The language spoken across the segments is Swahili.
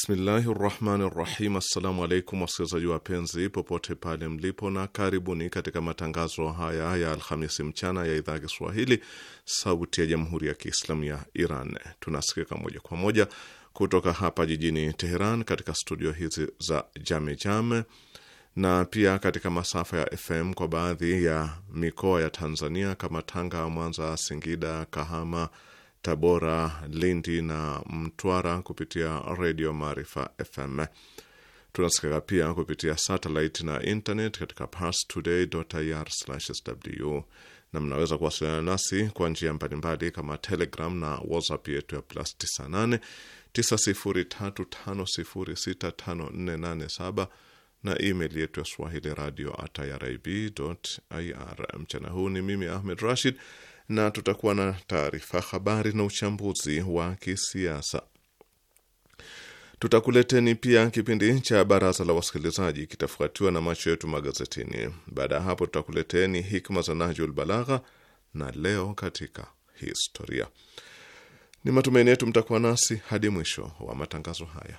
Bismillahi rahmani rahim. Assalamu alaikum wasikilizaji wapenzi popote pale mlipo, na karibuni katika matangazo haya ya Alhamisi mchana ya idhaa ya Kiswahili Sauti ya Jamhuri ya Kiislamu ya Iran. Tunasikika moja kwa moja kutoka hapa jijini Teheran katika studio hizi za Jamejame na pia katika masafa ya FM kwa baadhi ya mikoa ya Tanzania kama Tanga, Mwanza, Singida, Kahama Tabora, Lindi na Mtwara kupitia Redio Maarifa FM. Tunasikika pia kupitia satelit na internet katika parstoday.ir/sw, na mnaweza kuwasiliana nasi kwa njia mbalimbali kama Telegram na WhatsApp yetu ya plus 98 na email yetu ya swahili radio at irib.ir. Mchana huu ni mimi Ahmed Rashid na tutakuwa na taarifa, habari na uchambuzi wa kisiasa. Tutakuleteni pia kipindi cha baraza la wasikilizaji, kitafuatiwa na macho yetu magazetini. Baada ya hapo, tutakuleteni hikma za Najul Balagha na leo katika historia. Ni matumaini yetu mtakuwa nasi hadi mwisho wa matangazo haya.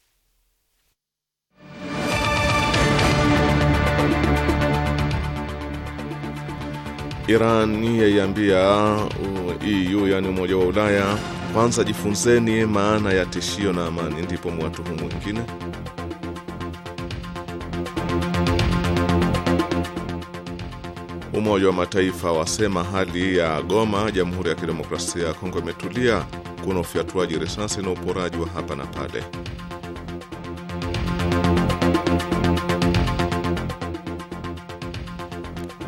Iran yaiambia uh, EU yani Umoja wa Ulaya, kwanza jifunzeni maana ya tishio na amani, ndipo mwatuhumu wengine. Umoja wa Mataifa wasema hali ya Goma, Jamhuri ya Kidemokrasia ya Kongo imetulia, kuna ufyatuaji risasi na uporaji wa hapa na pale.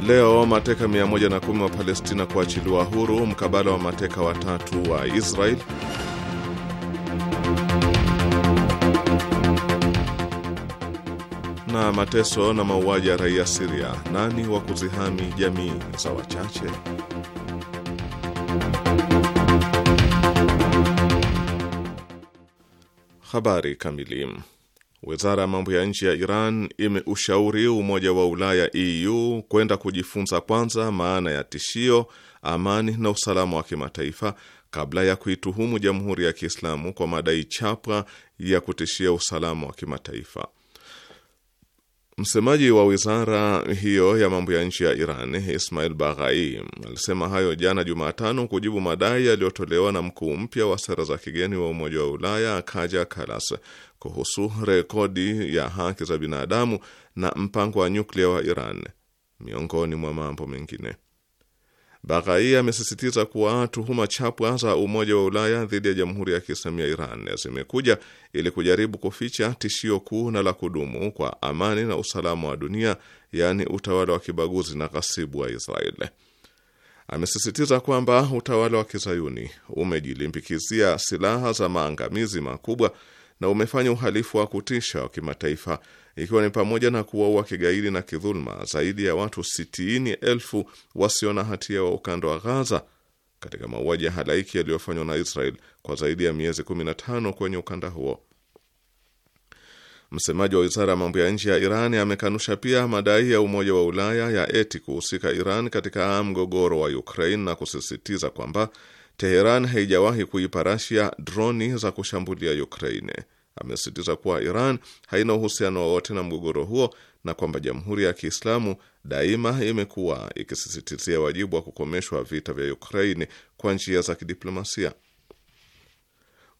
Leo mateka 110 wa Palestina kuachiliwa huru mkabala wa mateka watatu wa Israel. Na mateso na mauaji ya raia Siria, nani wa kuzihami jamii za wachache? Habari kamili. Wizara ya mambo ya nje ya Iran imeushauri Umoja wa Ulaya EU kwenda kujifunza kwanza maana ya tishio, amani na usalama wa kimataifa kabla ya kuituhumu Jamhuri ya Kiislamu kwa madai chapa ya kutishia usalama wa kimataifa. Msemaji wa wizara hiyo ya mambo ya nchi ya Iran Ismail Baghai alisema hayo jana Jumatano kujibu madai yaliyotolewa na mkuu mpya wa sera za kigeni wa Umoja wa Ulaya Kaja Kalas kuhusu rekodi ya haki za binadamu na mpango wa nyuklia wa Iran miongoni mwa mambo mengine. Baghai amesisitiza kuwa tuhuma chapwa za Umoja wa Ulaya dhidi ya Jamhuri ya Kiislamu ya Iran zimekuja ili kujaribu kuficha tishio kuu na la kudumu kwa amani na usalama wa dunia, yaani utawala wa kibaguzi na ghasibu wa Israeli. Amesisitiza kwamba utawala wa kizayuni umejilimbikizia silaha za maangamizi makubwa na umefanya uhalifu wa kutisha wa kimataifa ikiwa ni pamoja na kuwaua kigaidi na kidhuluma zaidi ya watu sitini elfu wasio na hatia wa ukanda wa Ghaza katika mauaji ya halaiki yaliyofanywa na Israel kwa zaidi ya miezi 15 kwenye ukanda huo. Msemaji wa wizara ya mambo ya nje ya Iran amekanusha pia madai ya Umoja wa Ulaya ya eti kuhusika Iran katika mgogoro wa Ukraine na kusisitiza kwamba Teheran haijawahi kuipa Rasia droni za kushambulia Ukraine. Amesisitiza kuwa Iran haina uhusiano wowote na mgogoro huo na kwamba Jamhuri ya Kiislamu daima imekuwa ikisisitizia wajibu wa kukomeshwa vita vya Ukraine kwa njia za kidiplomasia.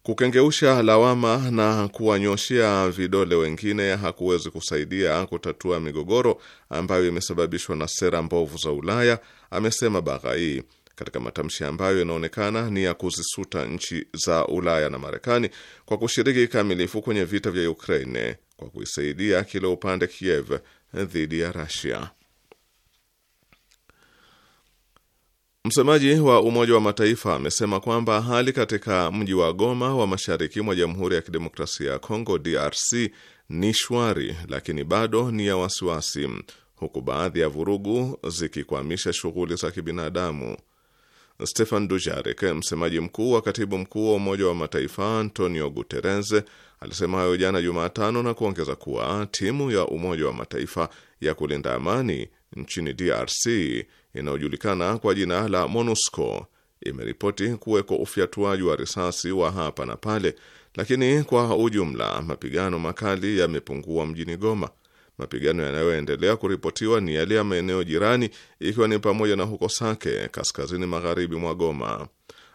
Kukengeusha lawama na kuwanyoshea vidole wengine hakuwezi kusaidia kutatua migogoro ambayo imesababishwa na sera mbovu za Ulaya, amesema Baghai katika matamshi ambayo inaonekana ni ya kuzisuta nchi za Ulaya na Marekani kwa kushiriki kikamilifu kwenye vita vya Ukraine kwa kuisaidia kila upande Kiev dhidi ya rusia Msemaji wa Umoja wa Mataifa amesema kwamba hali katika mji wa Goma wa mashariki mwa Jamhuri ya Kidemokrasia ya Kongo DRC ni shwari, lakini bado ni ya wasiwasi, huku baadhi ya vurugu zikikwamisha shughuli za kibinadamu. Stefan Dujarik, msemaji mkuu wa katibu mkuu wa Umoja wa Mataifa Antonio Guterres, alisema hayo jana Jumatano na kuongeza kuwa timu ya Umoja wa Mataifa ya kulinda amani nchini DRC inayojulikana kwa jina la MONUSCO imeripoti kuweko ufyatuaji wa risasi wa hapa na pale, lakini kwa ujumla mapigano makali yamepungua mjini Goma. Mapigano yanayoendelea kuripotiwa ni yale ya maeneo jirani, ikiwa ni pamoja na huko Sake, kaskazini magharibi mwa Goma.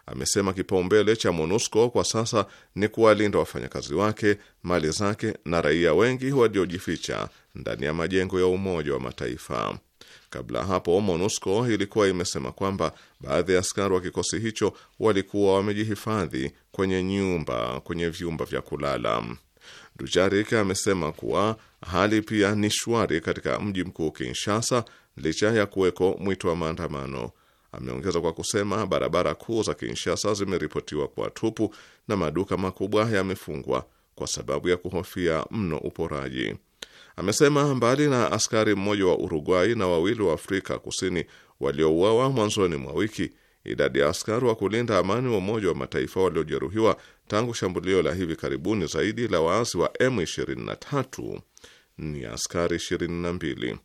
Amesema kipaumbele cha MONUSCO kwa sasa ni kuwalinda wafanyakazi wake, mali zake na raia wengi waliojificha ndani ya majengo ya Umoja wa Mataifa. Kabla hapo MONUSCO ilikuwa imesema kwamba baadhi ya askari wa kikosi hicho walikuwa wamejihifadhi kwenye nyumba kwenye vyumba vya kulala. Dujarik amesema kuwa Hali pia ni shwari katika mji mkuu Kinshasa licha ya kuweko mwito wa maandamano. Ameongeza kwa kusema barabara kuu za Kinshasa zimeripotiwa kuwa tupu na maduka makubwa yamefungwa kwa sababu ya kuhofia mno uporaji. Amesema mbali na askari mmoja wa Uruguay na wawili wa Afrika Kusini waliouawa mwanzoni mwa wiki, idadi ya askari wa kulinda amani wa Umoja wa Mataifa waliojeruhiwa tangu shambulio la hivi karibuni zaidi la waasi wa M23 ni askari 22.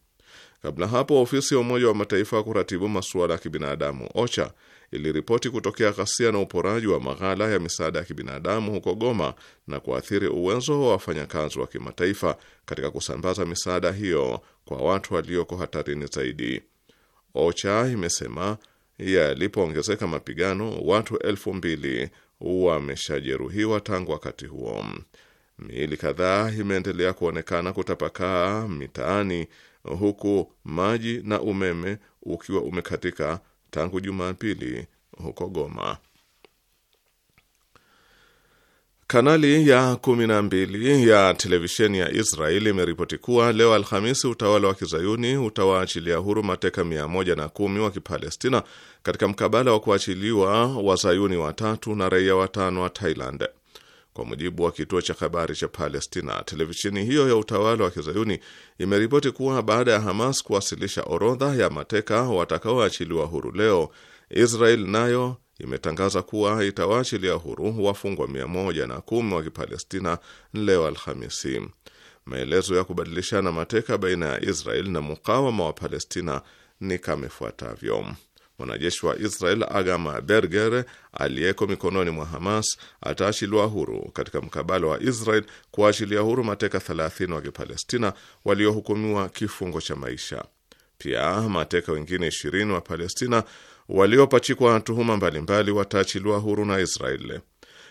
Kabla hapo ofisi ya Umoja wa Mataifa kuratibu masuala ya kibinadamu OCHA iliripoti kutokea ghasia na uporaji wa maghala ya misaada ya kibinadamu huko Goma na kuathiri uwezo wa wafanyakazi wa kimataifa katika kusambaza misaada hiyo kwa watu walioko hatarini zaidi. OCHA imesema yalipoongezeka mapigano, watu elfu mbili wameshajeruhiwa tangu wakati huo. Miili kadhaa imeendelea kuonekana kutapakaa mitaani huku maji na umeme ukiwa umekatika tangu Jumapili huko Goma. Kanali ya kumi na mbili ya televisheni ya Israeli imeripoti kuwa leo Alhamisi utawala wa kizayuni utawaachilia huru mateka mia moja na kumi wa Kipalestina katika mkabala wa kuachiliwa wazayuni watatu na raia watano wa Thailand. Kwa mujibu wa kituo cha habari cha Palestina, televisheni hiyo ya utawala wa kizayuni imeripoti kuwa baada ya Hamas kuwasilisha orodha ya mateka watakaoachiliwa huru leo, Israel nayo imetangaza kuwa itawaachilia huru wafungwa 110 wa Kipalestina leo Alhamisi. Maelezo ya kubadilishana mateka baina ya Israel na mukawama wa Palestina ni kama ifuatavyo. Mwanajeshi wa Israel Agama Berger aliyeko mikononi mwa Hamas ataachiliwa huru katika mkabala wa Israel kuachilia huru mateka 30 wa Kipalestina waliohukumiwa kifungo cha maisha. Pia mateka wengine 20 wa Palestina waliopachikwa tuhuma mbalimbali wataachiliwa huru na Israel.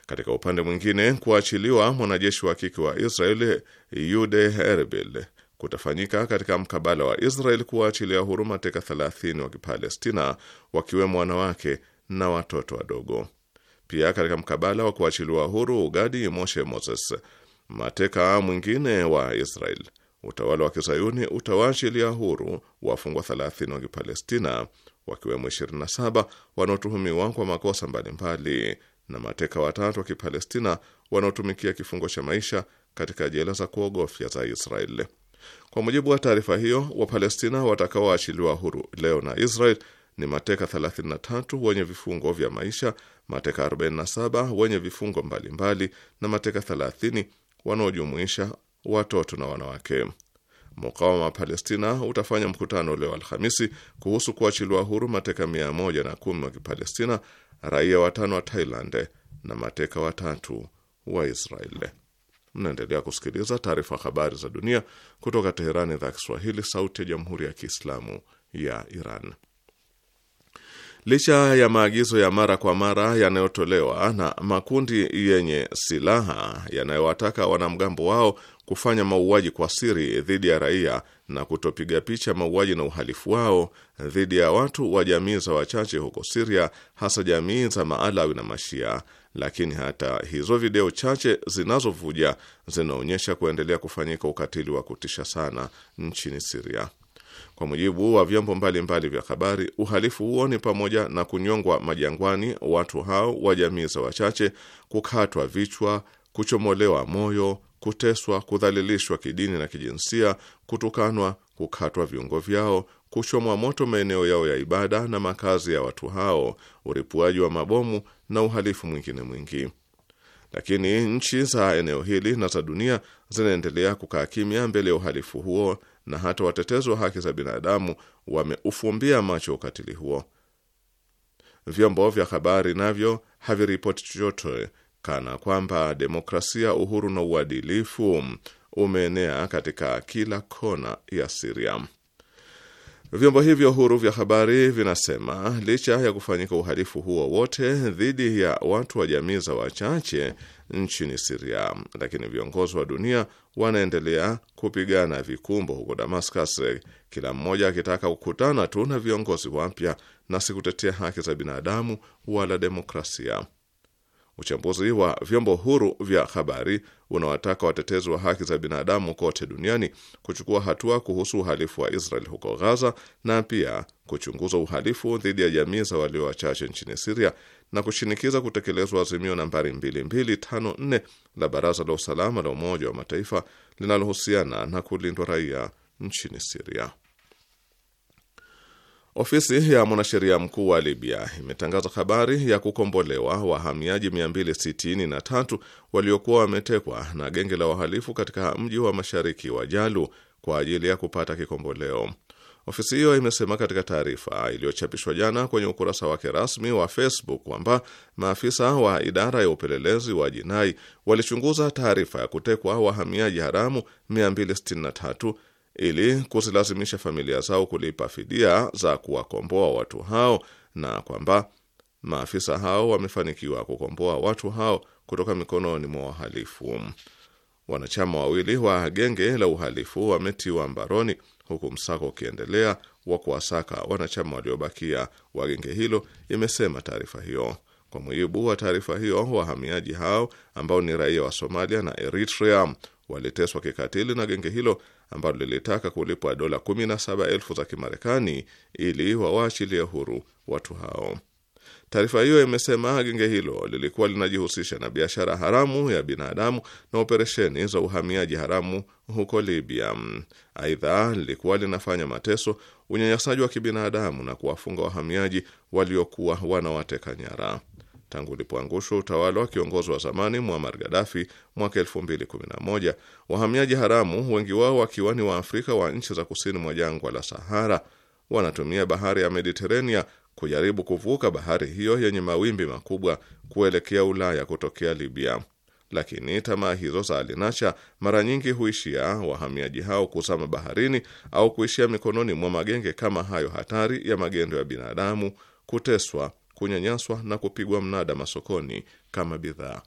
Katika upande mwingine, kuachiliwa mwanajeshi wa kike wa Israel Yude Herbil kutafanyika katika mkabala wa Israel kuwaachilia huru mateka 30 wa Kipalestina, wakiwemo wanawake na watoto wadogo. Pia katika mkabala wa kuachiliwa huru Gadi Moshe Moses, mateka mwingine wa Israel, utawala wa kizayuni utawaachilia huru wafungwa 30 wa Kipalestina, wakiwemo 27 wanaotuhumiwa kwa makosa mbalimbali na mateka watatu wa Kipalestina wanaotumikia kifungo cha maisha katika jela za kuogofya za Israeli. Kwa mujibu wa taarifa hiyo, Wapalestina watakaoachiliwa huru leo na Israel ni mateka 33 wenye vifungo vya maisha, mateka 47 wenye vifungo mbalimbali na mateka 30 wanaojumuisha watoto na wanawake. Mukawama wa Palestina utafanya mkutano leo Alhamisi kuhusu kuachiliwa huru mateka 110 wa Kipalestina, raia watano wa Thailand na mateka watatu wa Israeli. Mnaendelea kusikiliza taarifa habari za dunia kutoka Teherani, idhaa Kiswahili, sauti ya jamhuri ya kiislamu ya Iran. Licha ya maagizo ya mara kwa mara yanayotolewa na makundi yenye silaha yanayowataka wanamgambo wao kufanya mauaji kwa siri dhidi ya raia na kutopiga picha mauaji na uhalifu wao dhidi ya watu wa jamii za wachache huko Siria, hasa jamii za Maalawi na Mashia. Lakini hata hizo video chache zinazovuja zinaonyesha kuendelea kufanyika ukatili wa kutisha sana nchini Siria. Kwa mujibu wa vyombo mbalimbali vya habari, uhalifu huo ni pamoja na kunyongwa majangwani watu hao wa jamii za wachache, kukatwa vichwa, kuchomolewa moyo kuteswa, kudhalilishwa kidini na kijinsia, kutukanwa, kukatwa viungo vyao, kuchomwa moto maeneo yao ya ibada na makazi ya watu hao, uripuaji wa mabomu na uhalifu mwingine mwingi. Lakini nchi za eneo hili na za dunia zinaendelea kukaa kimya mbele ya uhalifu huo, na hata watetezi wa haki za binadamu wameufumbia macho ukatili huo. Vyombo vya habari navyo haviripoti chochote kana kwamba demokrasia, uhuru na uadilifu umeenea katika kila kona ya Siria. Vyombo hivyo huru vya habari vinasema licha ya kufanyika uhalifu huo wote dhidi ya watu wa jamii za wachache nchini Siria, lakini viongozi wa dunia wanaendelea kupigana vikumbo huko Damascus, kila mmoja akitaka kukutana tu na viongozi wapya na si kutetea haki za binadamu wala demokrasia. Uchambuzi wa vyombo huru vya habari unawataka watetezi wa haki za binadamu kote duniani kuchukua hatua kuhusu uhalifu wa Israel huko Gaza na pia kuchunguza uhalifu dhidi ya jamii za walio wachache nchini Siria na kushinikiza kutekelezwa azimio nambari 2254 la Baraza la Usalama la Umoja wa Mataifa linalohusiana na kulindwa raia nchini Siria. Ofisi ya mwanasheria mkuu wa Libya imetangaza habari ya kukombolewa wahamiaji 263 waliokuwa wametekwa na genge la wahalifu katika mji wa mashariki wa Jalu kwa ajili ya kupata kikomboleo. Ofisi hiyo imesema katika taarifa iliyochapishwa jana kwenye ukurasa wake rasmi wa Facebook kwamba maafisa wa idara ya upelelezi wa jinai walichunguza taarifa ya kutekwa wahamiaji haramu 263 ili kuzilazimisha familia zao kulipa fidia za kuwakomboa watu hao, na kwamba maafisa hao wamefanikiwa kukomboa watu hao kutoka mikononi mwa wahalifu. Wanachama wawili wa genge la uhalifu wametiwa mbaroni huku msako ukiendelea wa kuwasaka wanachama waliobakia wa genge hilo, imesema taarifa hiyo. Kwa mujibu wa taarifa hiyo, wahamiaji hao ambao ni raia wa Somalia na Eritrea waliteswa kikatili na genge hilo ambalo lilitaka kulipwa dola 17,000 za Kimarekani ili wawaachilie huru watu hao. Taarifa hiyo imesema genge hilo lilikuwa linajihusisha na biashara haramu ya binadamu na operesheni za uhamiaji haramu huko Libya. Aidha, lilikuwa linafanya mateso, unyanyasaji wa kibinadamu na kuwafunga wahamiaji waliokuwa wanawateka nyara tangu ulipoangushwa utawala wa kiongozi wa zamani Muammar Gaddafi mwaka 2011. Wahamiaji haramu, wengi wao wakiwa ni Waafrika wa nchi za kusini mwa jangwa la Sahara, wanatumia bahari ya Mediterania kujaribu kuvuka bahari hiyo yenye mawimbi makubwa kuelekea Ulaya kutokea Libya. Lakini tamaa hizo za alinacha mara nyingi huishia wahamiaji hao kuzama baharini au kuishia mikononi mwa magenge kama hayo hatari ya magendo ya binadamu, kuteswa kunyanyaswa na kupigwa mnada masokoni kama bidhaa.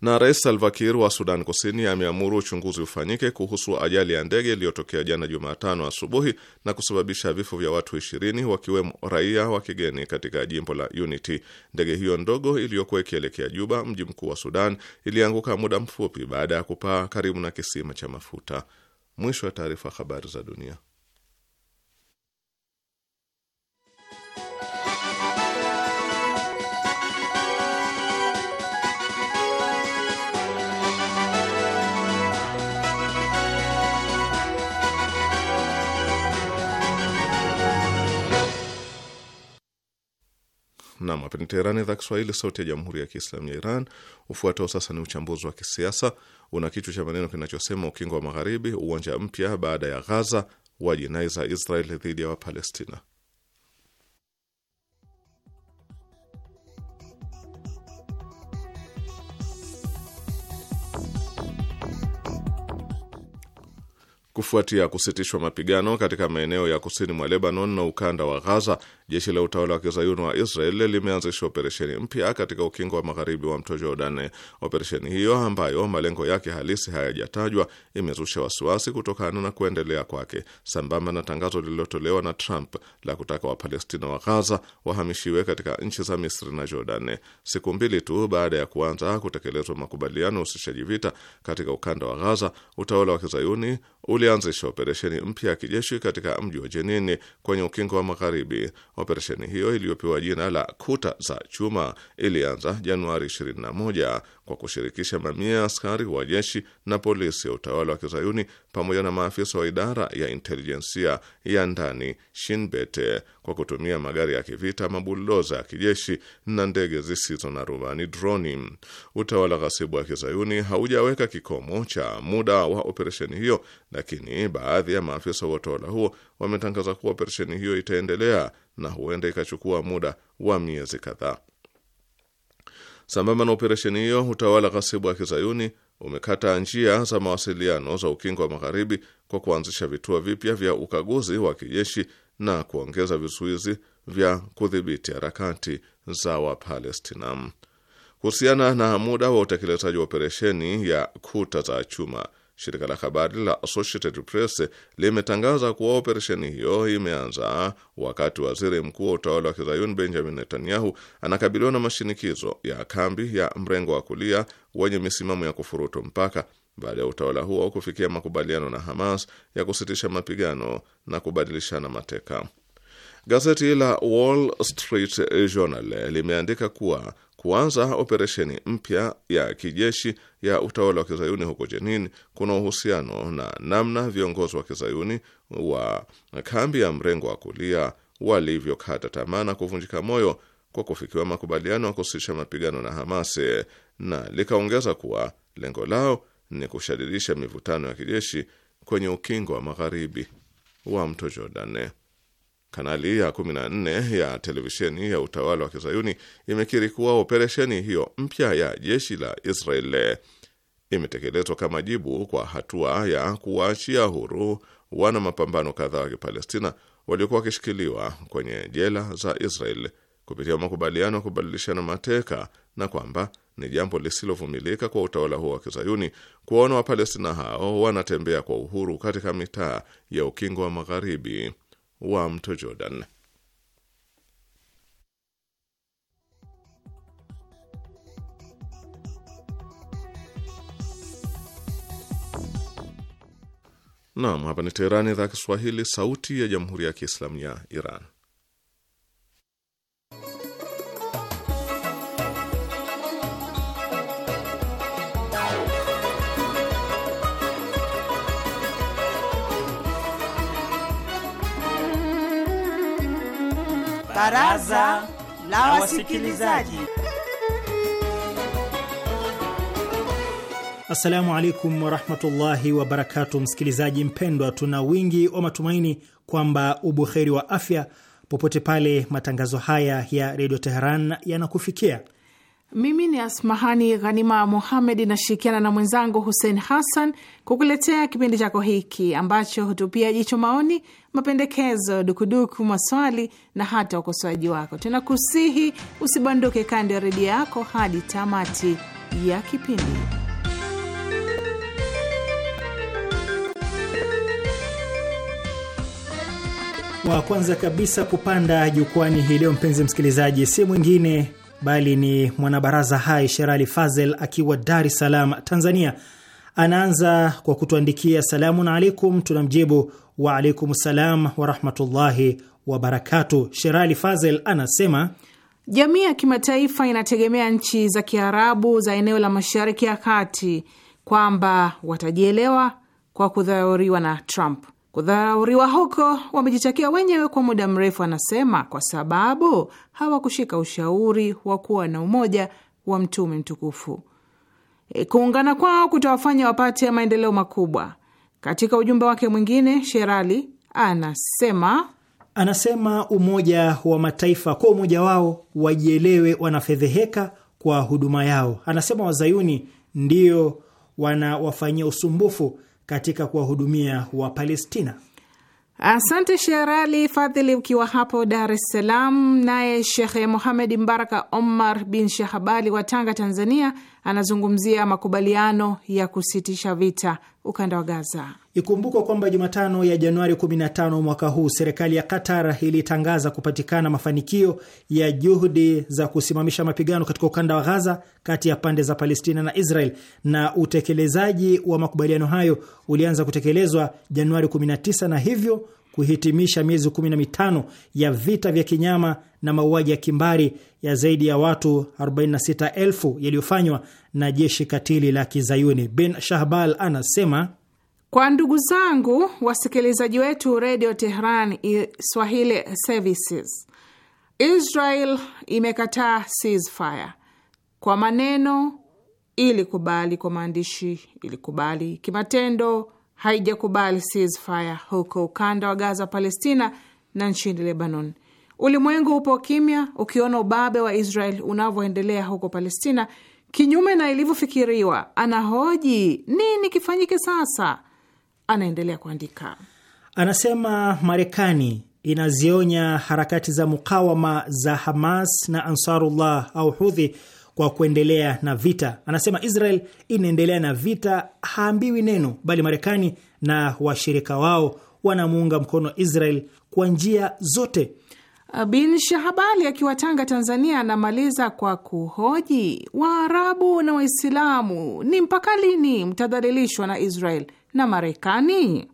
Na Rais Salva Kiir wa Sudan Kusini ameamuru uchunguzi ufanyike kuhusu ajali ya ndege iliyotokea jana Jumatano asubuhi na kusababisha vifo vya watu ishirini wakiwemo raia wa kigeni katika jimbo la Unity. Ndege hiyo ndogo iliyokuwa ikielekea Juba, mji mkuu wa Sudan, ilianguka muda mfupi baada ya kupaa karibu na kisima cha mafuta. Mwisho wa taarifa. Habari za dunia. Kiislamu. Hapa ni Teherani, idhaa Kiswahili, sauti ya jamhuri ya Kiislamu ya Iran. Ufuatao sasa ni uchambuzi wa kisiasa una kichwa cha maneno kinachosema ukingo wa magharibi, uwanja mpya baada ya Ghaza wa jinai za Israel dhidi ya Wapalestina. Kufuatia kusitishwa mapigano katika maeneo ya kusini mwa Lebanon na ukanda wa Ghaza, Jeshi la utawala wa kizayuni wa Israel limeanzisha operesheni mpya katika ukingo wa magharibi wa mto Jordan. Operesheni hiyo ambayo malengo yake halisi hayajatajwa imezusha wasiwasi kutokana na kuendelea kwake, sambamba na tangazo lililotolewa na Trump la kutaka Wapalestina wa Ghaza wahamishiwe katika nchi za Misri na Jordan, siku mbili tu baada ya kuanza kutekelezwa makubaliano usishaji vita katika ukanda wa Ghaza. Utawala wa kizayuni ulianzisha operesheni mpya ya kijeshi katika mji wa Jenini kwenye ukingo wa magharibi Operesheni hiyo iliyopewa jina la Kuta za Chuma ilianza Januari kwa kushirikisha mamia ya askari wa jeshi na polisi ya utawala wa kizayuni pamoja na maafisa wa idara ya intelijensia ya ndani shinbete kwa kutumia magari ya kivita, mabuldoza ya kijeshi na ndege zisizo na rubani droni. Utawala ghasibu wa kizayuni haujaweka kikomo cha muda wa operesheni hiyo, lakini baadhi ya maafisa wa utawala huo wametangaza kuwa operesheni hiyo itaendelea na huenda ikachukua muda wa miezi kadhaa. Sambamba na operesheni hiyo, utawala ghasibu wa kizayuni umekata njia za mawasiliano za ukingo wa magharibi kwa kuanzisha vituo vipya vya ukaguzi wa kijeshi na kuongeza vizuizi vya kudhibiti harakati za Wapalestina. Kuhusiana na muda wa utekelezaji wa operesheni ya kuta za chuma Shirika la habari la Associated Press limetangaza kuwa operesheni hiyo imeanza wakati waziri mkuu wa utawala wa kizayuni Benjamin Netanyahu anakabiliwa na mashinikizo ya kambi ya mrengo wa kulia wenye misimamo ya kufurutu mpaka baada ya utawala huo kufikia makubaliano na Hamas ya kusitisha mapigano na kubadilishana mateka. Gazeti la Wall Street Journal limeandika kuwa Kuanza operesheni mpya ya kijeshi ya utawala wa kizayuni huko Jenin kuna uhusiano na namna viongozi wa kizayuni wa kambi ya mrengo wa kulia walivyokata tamaa na kuvunjika moyo kwa kufikiwa makubaliano ya kusitisha mapigano na Hamasi, na likaongeza kuwa lengo lao ni kushadidisha mivutano ya kijeshi kwenye ukingo wa magharibi wa mto Jordan. Kanali ya 14 ya televisheni ya utawala wa kizayuni imekiri kuwa operesheni hiyo mpya ya jeshi la Israel imetekelezwa kama jibu kwa hatua ya kuwaachia huru wana mapambano kadhaa wa Kipalestina waliokuwa wakishikiliwa kwenye jela za Israel kupitia makubaliano ya kubadilishana mateka na kwamba ni jambo lisilovumilika kwa utawala huo wa kizayuni kuwaona Wapalestina hao wanatembea kwa uhuru katika mitaa ya ukingo wa Magharibi wa mto Jordan. Naam, hapa ni Teherani, idhaa Kiswahili, sauti ya jamhuri ya kiislamu ya Iran. Baraza la Wasikilizaji. Assalamu alaikum warahmatullahi wabarakatu, msikilizaji mpendwa, tuna wingi wa matumaini kwamba ubuheri wa afya popote pale matangazo haya ya redio Teheran yanakufikia. Mimi ni Asmahani Ghanima Muhamed, nashirikiana na mwenzangu Hussein Hassan kukuletea kipindi chako hiki ambacho hutupia jicho maoni, mapendekezo, dukuduku, maswali na hata ukosoaji wako. Tunakusihi usibanduke kando ya redio yako hadi tamati ya kipindi. Wa kwanza kabisa kupanda jukwani hii leo, mpenzi msikilizaji, si mwingine bali ni mwanabaraza hai Sherali Fazel akiwa Dar es Salaam, Tanzania. Anaanza kwa kutuandikia salamun alaikum, mjibu wa alaikum salam warahmatullahi wabarakatu. Sherali Fazel anasema jamii ya kimataifa inategemea nchi za Kiarabu za eneo la Mashariki ya Kati kwamba watajielewa kwa kudhauriwa na Trump. Kudhauriwa huko wamejitakia wenyewe kwa muda mrefu, anasema, kwa sababu hawakushika ushauri wa kuwa na umoja wa mtume mtukufu. E, kuungana kwao kutawafanya wapate maendeleo makubwa. Katika ujumbe wake mwingine, Sherali anasema anasema Umoja wa Mataifa kwa umoja wao wajielewe, wanafedheheka kwa huduma yao. Anasema Wazayuni ndio wanawafanyia usumbufu katika kuwahudumia Wapalestina. Asante Sherali Fadhili, ukiwa hapo Dar es Salaam. Naye Shekhe Muhamedi Mbaraka Omar bin Shahabali wa Tanga, Tanzania, anazungumzia makubaliano ya kusitisha vita ukanda wa Gaza. Ikumbukwa kwamba Jumatano ya Januari 15 mwaka huu serikali ya Qatar ilitangaza kupatikana mafanikio ya juhudi za kusimamisha mapigano katika ukanda wa Ghaza kati ya pande za Palestina na Israel, na utekelezaji wa makubaliano hayo ulianza kutekelezwa Januari 19 na hivyo kuhitimisha miezi 15 ya vita vya kinyama na mauaji ya kimbari ya zaidi ya watu 46,000 yaliyofanywa na jeshi katili la Kizayuni. Bin Shahbal anasema kwa ndugu zangu wasikilizaji wetu redio Tehran Swahili Services, Israel imekataa ceasefire kwa maneno, ilikubali kwa maandishi, ilikubali kimatendo, haijakubali ceasefire huko ukanda wa Gaza, Palestina na nchini Lebanon. Ulimwengu upo kimya ukiona ubabe wa Israel unavyoendelea huko Palestina, kinyume na ilivyofikiriwa. Anahoji nini kifanyike sasa? anaendelea kuandika, anasema Marekani inazionya harakati za mukawama za Hamas na Ansarullah au Hudhi kwa kuendelea na vita. Anasema Israel inaendelea na vita, haambiwi neno, bali Marekani na washirika wao wanamuunga mkono Israel kwa njia zote. Bin Shahabali akiwa Tanga, Tanzania, anamaliza kwa kuhoji Waarabu na Waislamu ni mpaka lini mtadhalilishwa na Israel? na Marekani?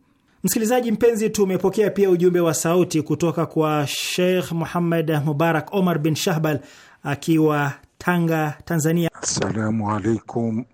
Msikilizaji mpenzi, tumepokea pia ujumbe wa sauti kutoka kwa Sheikh Muhammad Mubarak Omar bin Shahbal akiwa Tanga, Tanzania. Assalamu alaikum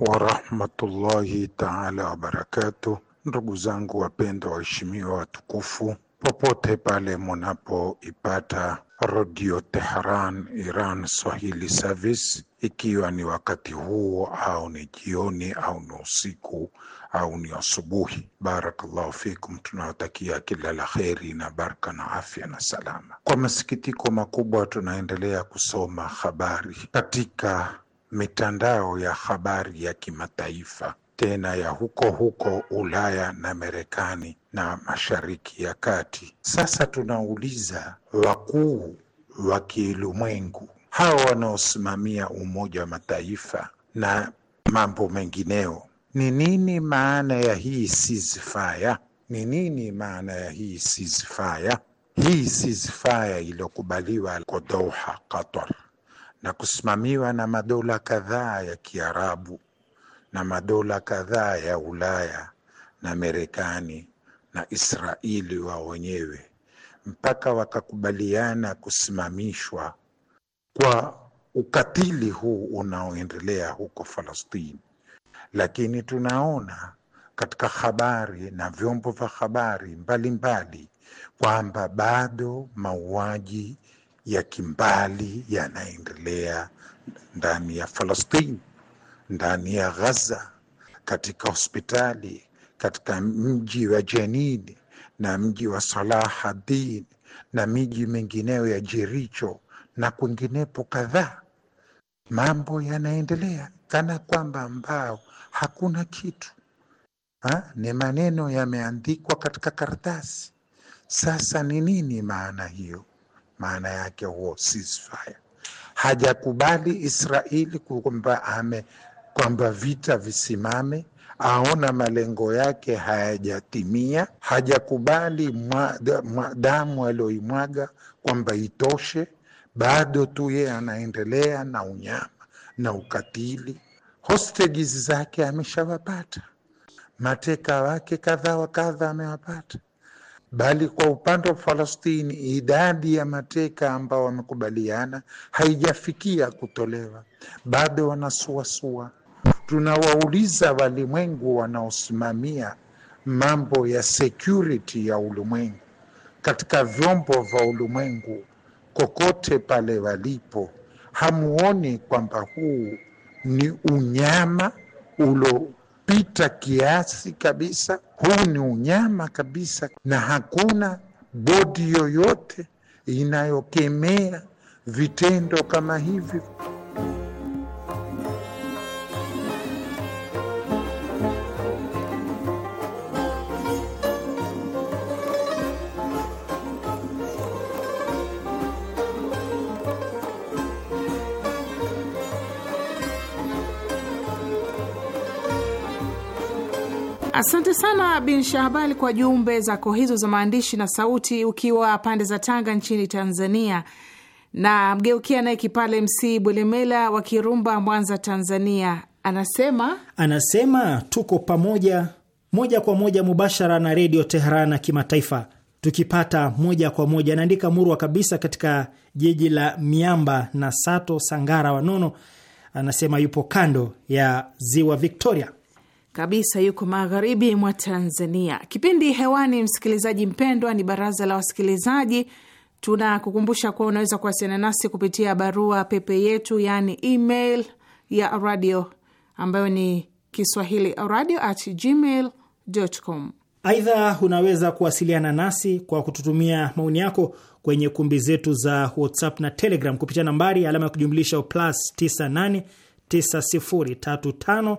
warahmatullahi taala wabarakatuh. Ndugu zangu wapendwa, waheshimiwa, watukufu, popote pale munapoipata Radio Tehran Iran Swahili Service, ikiwa ni wakati huo au ni jioni au ni usiku au ni asubuhi. Barakallahu fikum, tunawatakia kila la kheri na baraka na afya na salama. Kwa masikitiko makubwa, tunaendelea kusoma habari katika mitandao ya habari ya kimataifa tena ya huko huko Ulaya na Marekani na Mashariki ya Kati. Sasa tunauliza wakuu wa kiulimwengu hawa wanaosimamia Umoja wa Mataifa na mambo mengineo ni nini maana ya hii ceasefire? Ni nini maana ya hii ceasefire? Hii ceasefire iliyokubaliwa kwa Doha, Qatar, na kusimamiwa na madola kadhaa ya Kiarabu na madola kadhaa ya Ulaya na Marekani na Israeli wao wenyewe, mpaka wakakubaliana kusimamishwa kwa ukatili huu unaoendelea huko Falastini lakini tunaona katika habari na vyombo vya habari mbalimbali kwamba bado mauaji ya kimbali yanaendelea ndani ya Falastini, ndani ya ghaza katika hospitali, katika mji wa Jenini na mji wa salahadin din na miji mingineo ya Jericho na kwinginepo kadhaa, mambo yanaendelea kana kwamba ambao hakuna kitu ha? Ni maneno yameandikwa katika karatasi. Sasa ni nini maana hiyo? Maana yake huo ceasefire hajakubali Israeli kwamba ame kwamba vita visimame, aona malengo yake hayajatimia. Hajakubali damu aliyoimwaga kwamba itoshe, bado tu yeye anaendelea na unyama na ukatili hostages zake ameshawapata, mateka wake kadha wa kadha amewapata, bali kwa upande wa Falastini idadi ya mateka ambao wamekubaliana haijafikia kutolewa, bado wanasuasua. Tunawauliza walimwengu wanaosimamia mambo ya security ya ulimwengu katika vyombo vya ulimwengu kokote pale walipo, hamuoni kwamba huu ni unyama ulopita kiasi kabisa. Huu ni unyama kabisa, na hakuna bodi yoyote inayokemea vitendo kama hivyo. Asante sana Bin Shahbal kwa jumbe zako hizo za maandishi na sauti, ukiwa pande za Tanga nchini Tanzania. Na mgeukia naye Kipale MC Bwelemela wa Kirumba, Mwanza, Tanzania, anasema anasema tuko pamoja moja kwa moja mubashara na Redio Teheran ya kimataifa tukipata moja kwa moja. Anaandika murwa kabisa katika jiji la miamba na Sato Sangara Wanono, anasema yupo kando ya ziwa Victoria kabisa yuko magharibi mwa Tanzania. Kipindi hewani, msikilizaji mpendwa, ni baraza la wasikilizaji. Tunakukumbusha kuwa unaweza kuwasiliana nasi kupitia barua pepe yetu, yaani email ya radio ambayo ni kiswahili radio at gmail com. Aidha, unaweza kuwasiliana nasi kwa kututumia maoni yako kwenye kumbi zetu za WhatsApp na Telegram kupitia nambari alama ya kujumlisha plus 98 903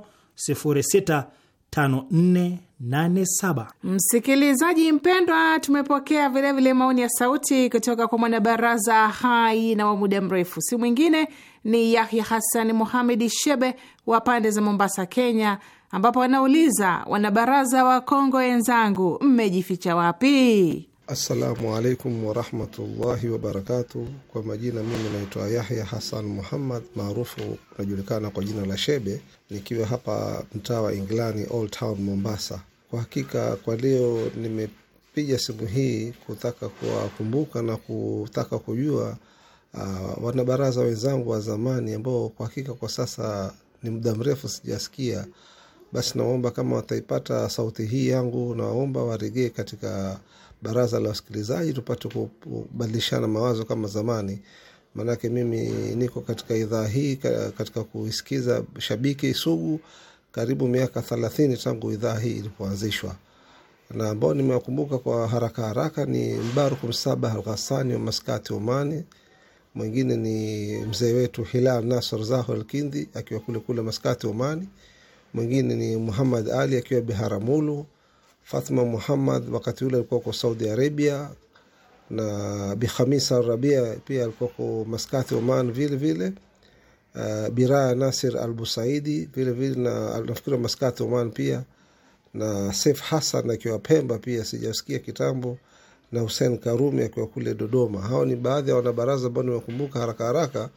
Msikilizaji mpendwa, tumepokea vilevile maoni ya sauti kutoka kwa mwanabaraza hai na wa muda mrefu, si mwingine ni Yahya Hasani Muhamedi Shebe wa pande za Mombasa, Kenya, ambapo wanauliza wanabaraza wa Kongo wenzangu, mmejificha wapi? Assalamu alaikum warahmatullahi wabarakatu. Kwa majina mimi naitwa Yahya Hasan Muhammad, maarufu unajulikana kwa jina la Shebe, nikiwa hapa mtaa wa Inglani, Old Town Mombasa. Kwa hakika kwa leo nimepiga simu hii kutaka kuwakumbuka na kutaka kujua uh, wanabaraza wenzangu wa zamani ambao kwa hakika kwa sasa ni muda mrefu sijasikia. Basi nawaomba kama wataipata sauti hii yangu, nawaomba waregee katika baraza la wasikilizaji tupate kubadilishana mawazo kama zamani maanake mimi niko katika idhaa hii katika kuisikiza shabiki sugu karibu miaka thelathini tangu idhaa hii ilipoanzishwa na ambao nimewakumbuka kwa haraka haraka ni mbaruku msabah alghasani wa maskati omani mwingine ni mzee wetu hilal nasr zaho lkindhi akiwa kulekule maskati omani mwingine ni muhammad ali akiwa biharamulu Fatma Muhammad wakati ule alikuwa ko Saudi Arabia na Bikhamisa Rabia pia alikuwa ko Maskati Oman vile vile uh, eh, Biraya Nasir Al Busaidi vile vile na nafikiri wa Maskati Oman pia na Sef Hassan akiwa Pemba pia sijasikia kitambo na Hussein Karumi akiwa kule Dodoma. Hao ni baadhi ya wanabaraza ambao nimekumbuka haraka haraka.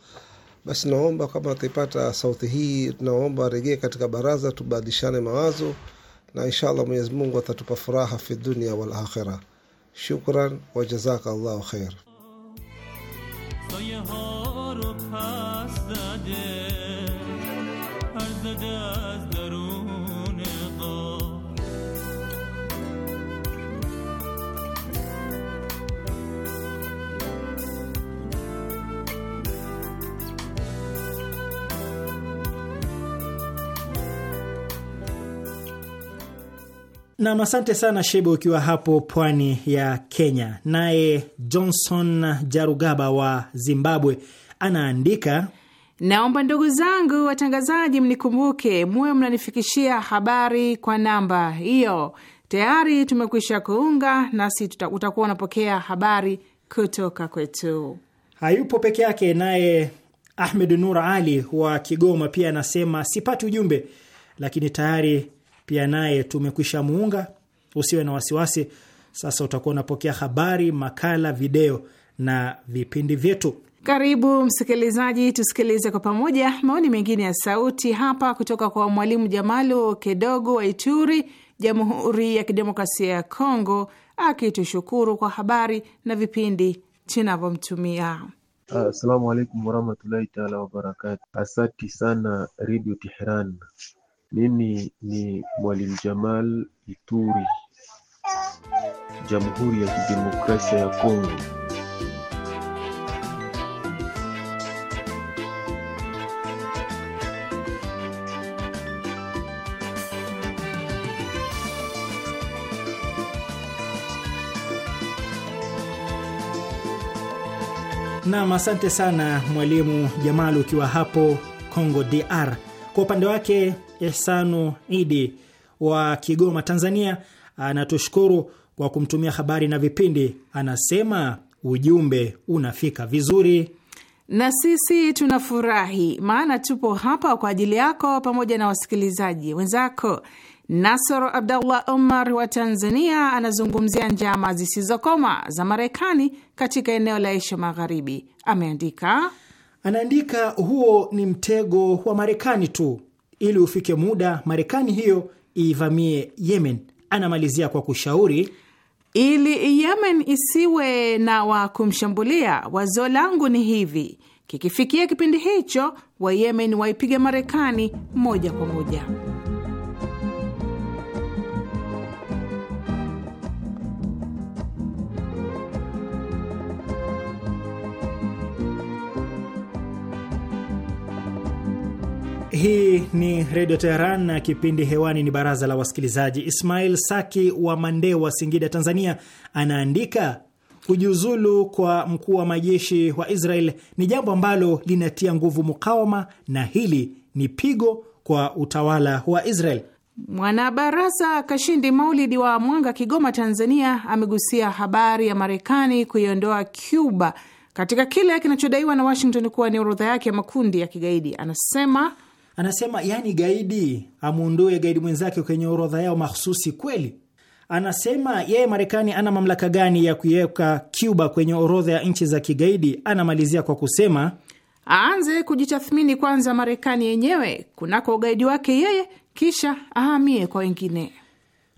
Basi naomba kama ataipata sauti hii, naomba aregee katika baraza, tubadilishane mawazo. na insha allah mwenyezi mungu atatupa furaha fi dunia wal akhira shukran wa jazaka allahu khair سایه Nam, asante sana Shebe, ukiwa hapo pwani ya Kenya. Naye Johnson Jarugaba wa Zimbabwe anaandika Naomba ndugu zangu watangazaji, mnikumbuke muwe mnanifikishia habari kwa namba hiyo. Tayari tumekwisha kuunga, nasi utakuwa unapokea habari kutoka kwetu. Hayupo peke yake. Naye Ahmed Nur Ali wa Kigoma pia anasema sipati ujumbe, lakini tayari pia naye tumekwisha muunga. Usiwe na wasiwasi, sasa utakuwa unapokea habari, makala, video na vipindi vyetu. Karibu msikilizaji, tusikilize kwa pamoja maoni mengine ya sauti hapa kutoka kwa Mwalimu Jamalu Kedogo wa Ituri, Jamhuri ya Kidemokrasia ya Kongo, akitushukuru kwa habari na vipindi tunavyomtumia. Assalamu alaikum warahmatullahi taala wabarakatu. Asanti sana Redio Teheran mimi ni Mwalimu Jamal Ituri, Jamhuri ya Kidemokrasia ya Kongo. Nam, asante sana Mwalimu Jamal ukiwa hapo Kongo DR. Kwa upande wake Ihsanu Idi wa Kigoma, Tanzania, anatushukuru kwa kumtumia habari na vipindi. Anasema ujumbe unafika vizuri na sisi tunafurahi, maana tupo hapa kwa ajili yako pamoja na wasikilizaji wenzako. nasr abdullah Omar wa Tanzania anazungumzia njama zisizokoma za Marekani katika eneo la Asia Magharibi. Ameandika Anaandika, huo ni mtego wa Marekani tu, ili ufike muda Marekani hiyo iivamie Yemen. Anamalizia kwa kushauri ili Yemen isiwe na wa kumshambulia, wazo langu ni hivi: kikifikia kipindi hicho, Wayemen waipiga Marekani moja kwa moja. Hii ni Redio Teheran na kipindi hewani ni baraza la wasikilizaji. Ismail Saki wa Mandewa, Singida, Tanzania, anaandika kujiuzulu kwa mkuu wa majeshi wa Israel ni jambo ambalo linatia nguvu mukawama, na hili ni pigo kwa utawala wa Israel. Mwanabaraza Kashindi Maulidi wa Mwanga, Kigoma, Tanzania, amegusia habari ya Marekani kuiondoa Cuba katika kile kinachodaiwa na Washington kuwa ni orodha yake ya makundi ya kigaidi. Anasema Anasema yani gaidi amuondoe gaidi mwenzake kwenye orodha yao mahususi kweli? Anasema yeye Marekani ana mamlaka gani ya kuiweka Cuba kwenye orodha ya nchi za kigaidi? Anamalizia kwa kusema aanze kujitathmini kwanza Marekani yenyewe kunako ugaidi wake yeye, kisha ahamie kwa wengine.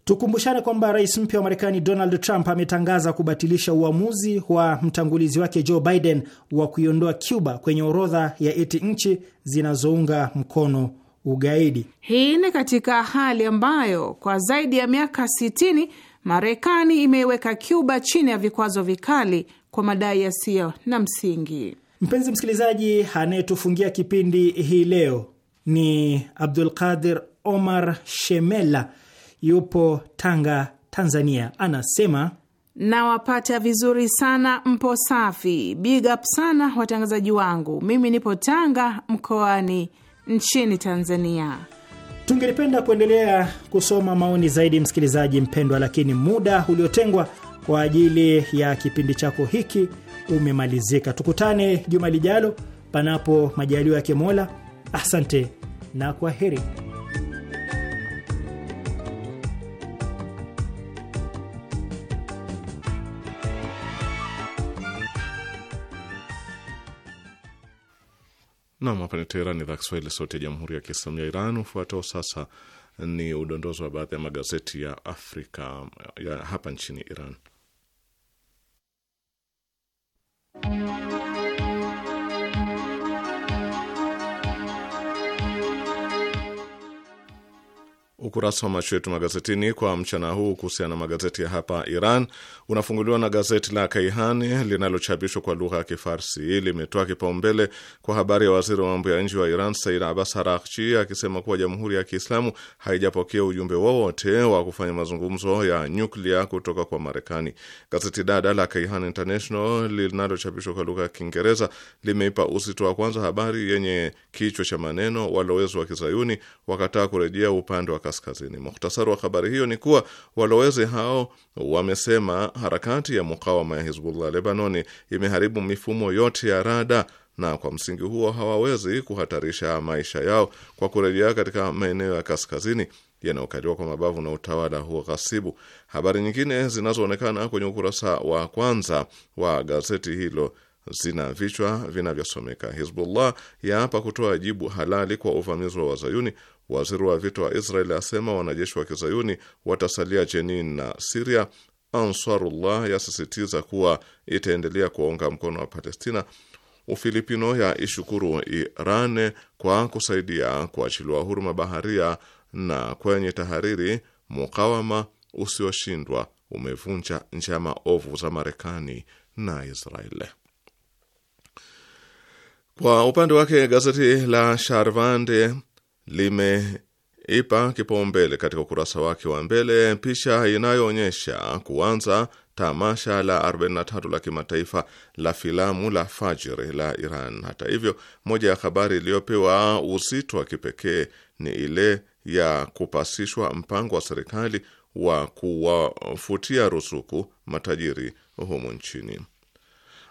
Tukumbushane kwamba rais mpya wa Marekani Donald Trump ametangaza kubatilisha uamuzi wa mtangulizi wake Joe Biden wa kuiondoa Cuba kwenye orodha ya eti nchi zinazounga mkono ugaidi. Hii ni katika hali ambayo kwa zaidi ya miaka 60 Marekani imeiweka Cuba chini ya vikwazo vikali kwa madai yasiyo na msingi. Mpenzi msikilizaji, anayetufungia kipindi hii leo ni Abdulqadir Omar Shemela yupo Tanga, Tanzania, anasema nawapata vizuri sana, mpo safi. Big up sana watangazaji wangu, mimi nipo Tanga mkoani nchini Tanzania. Tungelipenda kuendelea kusoma maoni zaidi, msikilizaji mpendwa, lakini muda uliotengwa kwa ajili ya kipindi chako hiki umemalizika. Tukutane juma lijalo, panapo majaliwa yake Mola. Asante na kwa heri. Nam, hapa ni Teherani, idhaa Kiswahili, sauti ya jamhuri ya kiislamu ya Iran. Hufuatao sasa ni udondozi wa baadhi ya magazeti ya Afrika ya hapa nchini Iran. ukurasa wa macho yetu magazetini kwa mchana huu kuhusiana na magazeti ya hapa Iran unafunguliwa na gazeti la Kaihani linalochapishwa kwa lugha ya Kifarsi. Limetoa kipaumbele kwa habari ya waziri wa mambo ya nje wa Iran Said Abbas Araghchi akisema kuwa Jamhuri ya Kiislamu haijapokea ujumbe wowote wa kufanya mazungumzo ya nyuklia kutoka kwa Marekani. Gazeti dada la Kaihan International linalochapishwa kwa lugha ya Kiingereza limeipa uzito wa kwanza habari yenye kichwa cha maneno walowezi wa kizayuni wakataa kurejea upande wa Kaskazini. Muhtasari wa habari hiyo ni kuwa walowezi hao wamesema harakati ya mukawama ya Hizbullah Lebanoni imeharibu mifumo yote ya rada na kwa msingi huo hawawezi kuhatarisha maisha yao kwa kurejea katika maeneo ya kaskazini yanayokaliwa kwa mabavu na utawala huo ghasibu. Habari nyingine zinazoonekana kwenye ukurasa wa kwanza wa gazeti hilo zina vichwa vinavyosomeka: Hizbullah yaapa kutoa jibu halali kwa uvamizi wa Wazayuni, Waziri wa vita wa Israel asema wanajeshi wa kizayuni watasalia Jenin na Siria. Ansarullah yasisitiza kuwa itaendelea kuwaunga mkono wa Palestina. Ufilipino ya ishukuru Iran kwa kusaidia kuachiliwa huru mabaharia. Na kwenye tahariri, mukawama usioshindwa umevunja njama ovu za Marekani na Israeli. Kwa upande wake gazeti la Sharvande limeipa kipaumbele katika ukurasa wake wa mbele picha inayoonyesha kuanza tamasha la 43 la kimataifa la filamu la Fajiri la Iran. Hata hivyo, moja ya habari iliyopewa uzito wa kipekee ni ile ya kupasishwa mpango wa serikali wa kuwafutia rusuku matajiri humu nchini.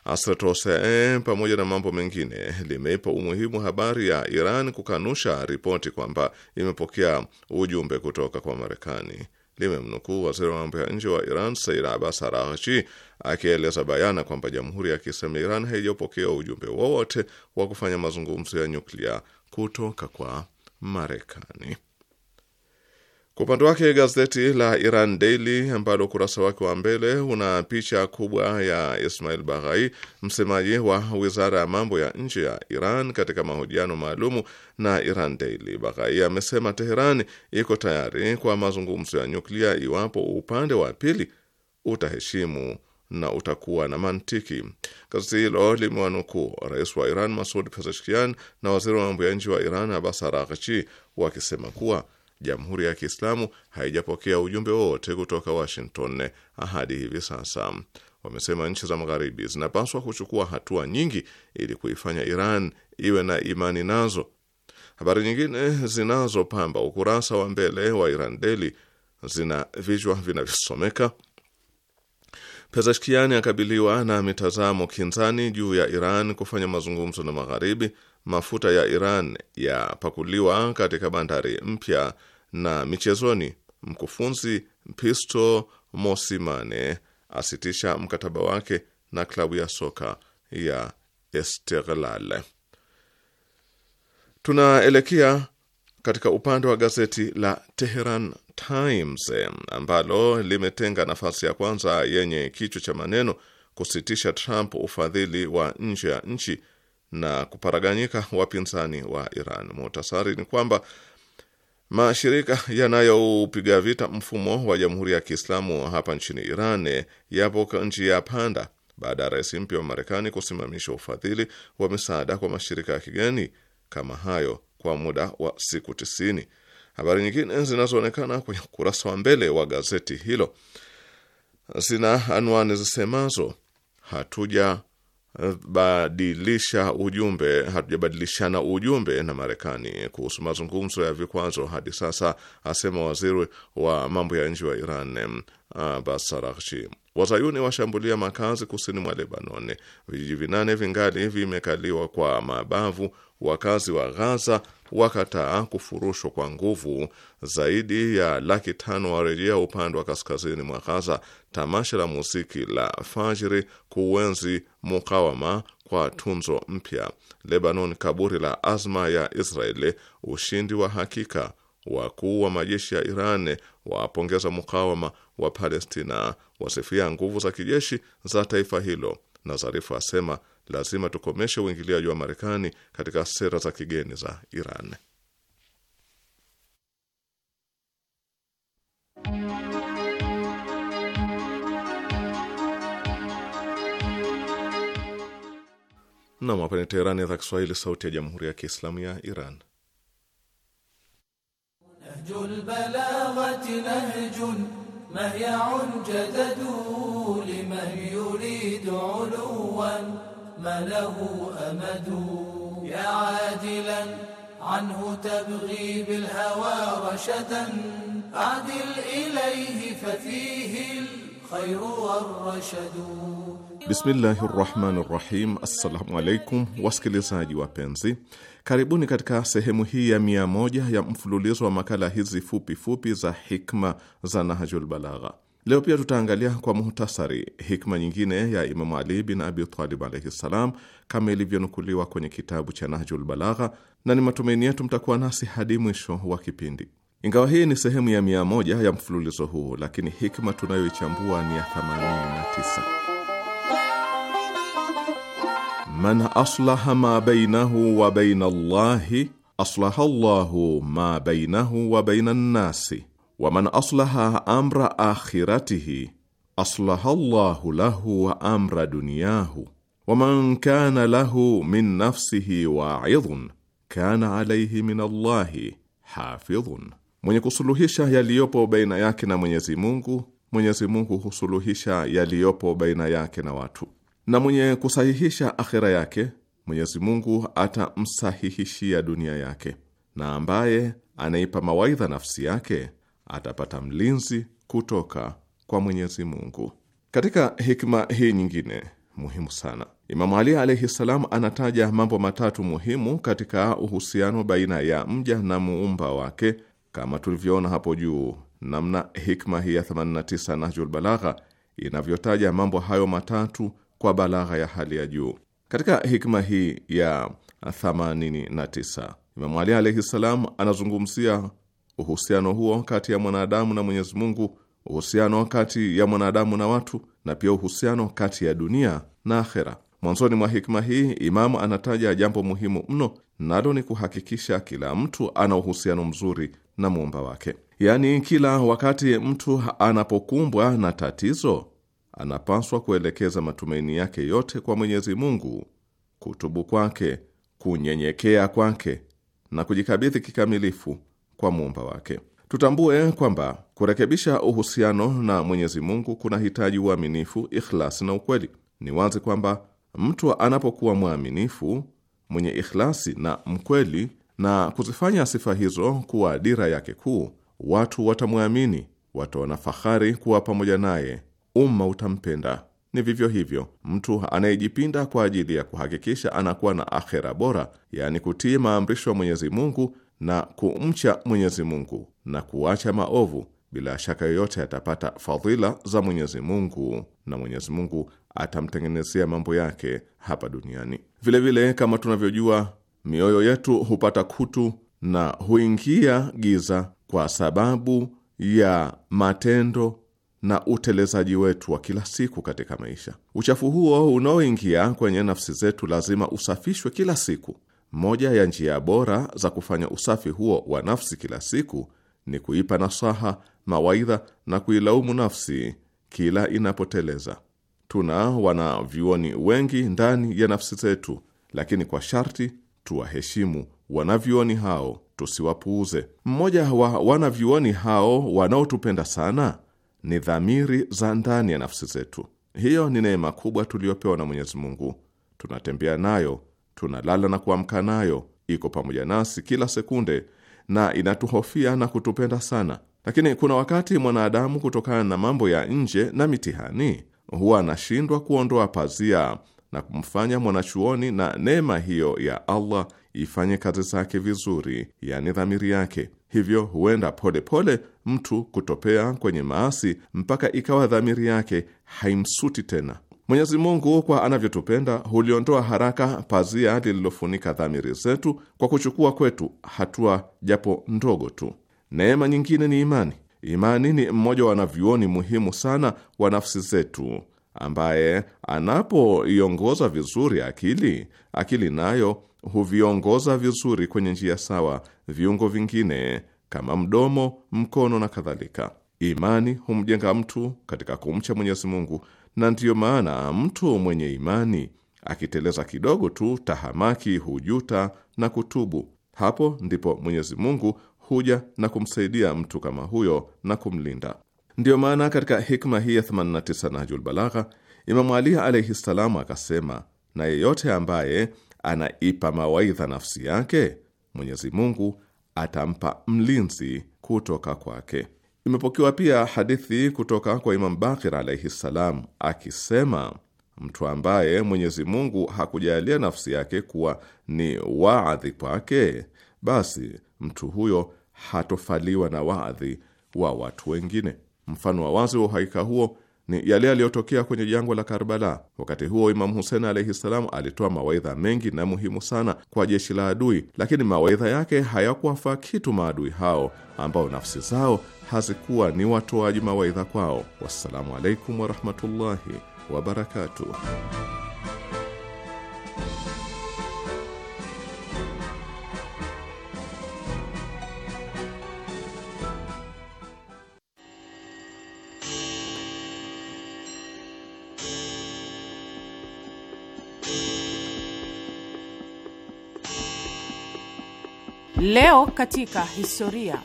Astratose eh, pamoja na mambo mengine limeipa umuhimu habari ya Iran kukanusha ripoti kwamba imepokea ujumbe kutoka kwa Marekani. Limemnukuu waziri wa mambo ya nje wa Iran Said Abbas Araghchi akieleza bayana kwamba jamhuri ya Kiislamu ya Iran haijapokea ujumbe wowote wa kufanya mazungumzo ya nyuklia kutoka kwa Marekani. Kwa upande wake gazeti la Iran Daily ambalo ukurasa wake wa mbele una picha kubwa ya Ismail Baghai, msemaji wa wizara ya mambo ya nje ya Iran, katika mahojiano maalumu na Iran Daily, Baghai amesema Teheran iko tayari kwa mazungumzo ya nyuklia iwapo upande wa pili utaheshimu na utakuwa na mantiki. Gazeti hilo limewanukuu rais wa Iran Masud Pezeshkian na waziri wa mambo ya nje wa Iran Abbas Araghchi wakisema kuwa Jamhuri ya Kiislamu haijapokea ujumbe wowote kutoka Washington hadi hivi sasa. Wamesema nchi za Magharibi zinapaswa kuchukua hatua nyingi ili kuifanya Iran iwe na imani nazo. Habari nyingine zinazopamba ukurasa wa mbele wa Iran Daily zina vichwa vinavyosomeka: pezashkiani akabiliwa na mitazamo kinzani juu ya Iran kufanya mazungumzo na Magharibi, mafuta ya Iran yapakuliwa katika bandari mpya na michezoni, mkufunzi Pisto Mosimane asitisha mkataba wake na klabu ya soka ya Esteghlal. Tunaelekea katika upande wa gazeti la Teheran Times ambalo limetenga nafasi ya kwanza yenye kichwa cha maneno kusitisha Trump ufadhili wa nje ya nchi na kuparaganyika wapinzani wa Iran. Muhtasari ni kwamba Mashirika yanayoupiga vita mfumo wa Jamhuri ya Kiislamu hapa nchini Iran yapo nchi ya panda baada ya rais mpya wa Marekani kusimamisha ufadhili wa misaada kwa mashirika ya kigeni kama hayo kwa muda wa siku tisini. Habari nyingine zinazoonekana kwenye ukurasa wa mbele wa gazeti hilo zina anwani zisemazo hatuja badilisha ujumbe, hatujabadilishana ujumbe na Marekani kuhusu mazungumzo ya vikwazo hadi sasa, asema waziri wa mambo ya nje wa Iran Abbas Araghchi. Wazayuni washambulia makazi kusini mwa Lebanoni. Vijiji vinane vingali vimekaliwa kwa mabavu wakazi wa Ghaza wakataa kufurushwa kwa nguvu. Zaidi ya laki tano warejea upande wa kaskazini mwa Ghaza. Tamasha la muziki la Fajiri kuwenzi mukawama kwa tunzo mpya. Lebanon, kaburi la azma ya Israeli, ushindi wa hakika. Wakuu wa majeshi ya Iran wapongeza mukawama wa Palestina, wasifia nguvu za kijeshi za taifa hilo. Nazarifu asema lazima tukomeshe uingiliaji wa Marekani katika sera za kigeni za Iran. Nam, hapa ni Teherani, idhaa Kiswahili, sauti ya jamhuri ya kiislamu ya Iran. ما له أمد يا عادلا عنه تبغي بالهوى رشدا أعدل إليه ففيه الخير والرشد Bismillahi rahmani rahim. Assalamu alaikum wasikilizaji wapenzi, karibuni katika sehemu hii ya mia moja ya mfululizo wa makala hizi fupi fupi za hikma za Nahjul Balagha. Leo pia tutaangalia kwa muhtasari hikma nyingine ya Imamu Ali bin Abi Talib alaihi ssalam, kama ilivyonukuliwa kwenye kitabu cha Nahjul Balagha, na ni matumaini yetu mtakuwa nasi hadi mwisho wa kipindi. Ingawa hii ni sehemu ya mia moja ya mfululizo huu, lakini hikma tunayoichambua ni ya 89 Man aslaha ma bainahu wa baina llahi aslaha llahu ma bainahu wa baina nnasi waman aslaha amra akhiratihi aslaha llahu lahu wa amra dunyahu waman kana lahu min nafsihi waidhun kana alaihi min allahi hafidhun, mwenye kusuluhisha yaliyopo baina yake na Mwenyezi Mungu, Mwenyezi Mungu husuluhisha yaliyopo baina yake na watu, na mwenye kusahihisha akhira yake, Mwenyezi Mungu atamsahihishia dunia yake, na ambaye anaipa mawaidha nafsi yake atapata mlinzi kutoka kwa Mwenyezi Mungu. Katika hikma hii nyingine muhimu sana, Imamu Ali alaihi ssalam anataja mambo matatu muhimu katika uhusiano baina ya mja na muumba wake, kama tulivyoona hapo juu, namna hikma hii ya 89 Nahjul Balagha inavyotaja mambo hayo matatu kwa balagha ya hali ya juu. Katika hikma hii ya 89 Imamu Ali alaihi ssalam anazungumzia uhusiano huo kati ya mwanadamu na Mwenyezi Mungu, uhusiano kati ya mwanadamu na watu, na pia uhusiano kati ya dunia na akhera. Mwanzoni mwa hikma hii Imamu anataja jambo muhimu mno, nalo ni kuhakikisha kila mtu ana uhusiano mzuri na muumba wake. Yaani, kila wakati mtu anapokumbwa na tatizo, anapaswa kuelekeza matumaini yake yote kwa Mwenyezi Mungu, kutubu kwake, kunyenyekea kwake na kujikabidhi kikamilifu kwa muumba wake. Tutambue kwamba kurekebisha uhusiano na Mwenyezi Mungu hitaji uaminifu, ikhlasi na ukweli. Ni wazi kwamba mtu anapokuwa mwaminifu, mwenye ikhlasi na mkweli na kuzifanya sifa hizo kuwa dira yake kuu, watu watamwamini, wataona fahari kuwa pamoja naye, umma utampenda. Ni vivyo hivyo mtu anayejipinda kwa ajili ya kuhakikisha anakuwa na akhera bora, yaani kutii maamrisho ya Mwenyezi Mungu na kumcha Mwenyezi Mungu na kuacha maovu, bila shaka yoyote atapata fadhila za Mwenyezi Mungu na Mwenyezi Mungu atamtengenezea mambo yake hapa duniani. Vilevile vile, kama tunavyojua mioyo yetu hupata kutu na huingia giza kwa sababu ya matendo na utelezaji wetu wa kila siku katika maisha. Uchafu huo unaoingia kwenye nafsi zetu lazima usafishwe kila siku, moja ya njia bora za kufanya usafi huo wa nafsi kila siku ni kuipa nasaha, mawaidha na kuilaumu nafsi kila inapoteleza. Tuna wanavyuoni wengi ndani ya nafsi zetu, lakini kwa sharti tuwaheshimu wanavyuoni hao, tusiwapuuze. Mmoja wa wanavyuoni hao wanaotupenda sana ni dhamiri za ndani ya nafsi zetu. Hiyo ni neema kubwa tuliyopewa na Mwenyezi Mungu, tunatembea nayo tunalala na kuamka nayo, iko pamoja nasi kila sekunde na inatuhofia na kutupenda sana. Lakini kuna wakati mwanadamu, kutokana na mambo ya nje na mitihani, huwa anashindwa kuondoa pazia na kumfanya mwanachuoni na neema hiyo ya Allah ifanye kazi zake vizuri, yani dhamiri yake. Hivyo huenda polepole pole mtu kutopea kwenye maasi mpaka ikawa dhamiri yake haimsuti tena. Mwenyezi Mungu kwa anavyotupenda huliondoa haraka pazia lililofunika dhamiri zetu kwa kuchukua kwetu hatua japo ndogo tu. Neema nyingine ni imani. Imani ni mmoja wa wanavyuoni muhimu sana wa nafsi zetu, ambaye anapoiongoza vizuri akili, akili nayo huviongoza vizuri kwenye njia sawa viungo vingine kama mdomo, mkono na kadhalika. Imani humjenga mtu katika kumcha Mwenyezi Mungu na ndiyo maana mtu mwenye imani akiteleza kidogo tu tahamaki hujuta na kutubu. Hapo ndipo Mwenyezi Mungu huja na kumsaidia mtu kama huyo na kumlinda. Ndiyo maana katika hikma hii ya 89 Nahjul Balagha, Imamu Ali alaihi ssalamu akasema, na yeyote ambaye anaipa mawaidha nafsi yake Mwenyezi Mungu atampa mlinzi kutoka kwake. Imepokewa pia hadithi kutoka kwa Imam Bakir alaihi ssalam akisema, mtu ambaye Mwenyezi Mungu hakujalia nafsi yake kuwa ni waadhi kwake, basi mtu huyo hatofaliwa na waadhi wa watu wengine. Mfano wa wazi wa uhakika huo ni yale yaliyotokea kwenye jangwa la Karbala. Wakati huo Imamu Husen alaihi ssalam alitoa mawaidha mengi na muhimu sana kwa jeshi la adui, lakini mawaidha yake hayakuwafaa kitu maadui hao ambao nafsi zao hazikuwa ni watoaji mawaidha kwao. Wassalamu alaikum warahmatullahi wabarakatuh. Leo katika historia.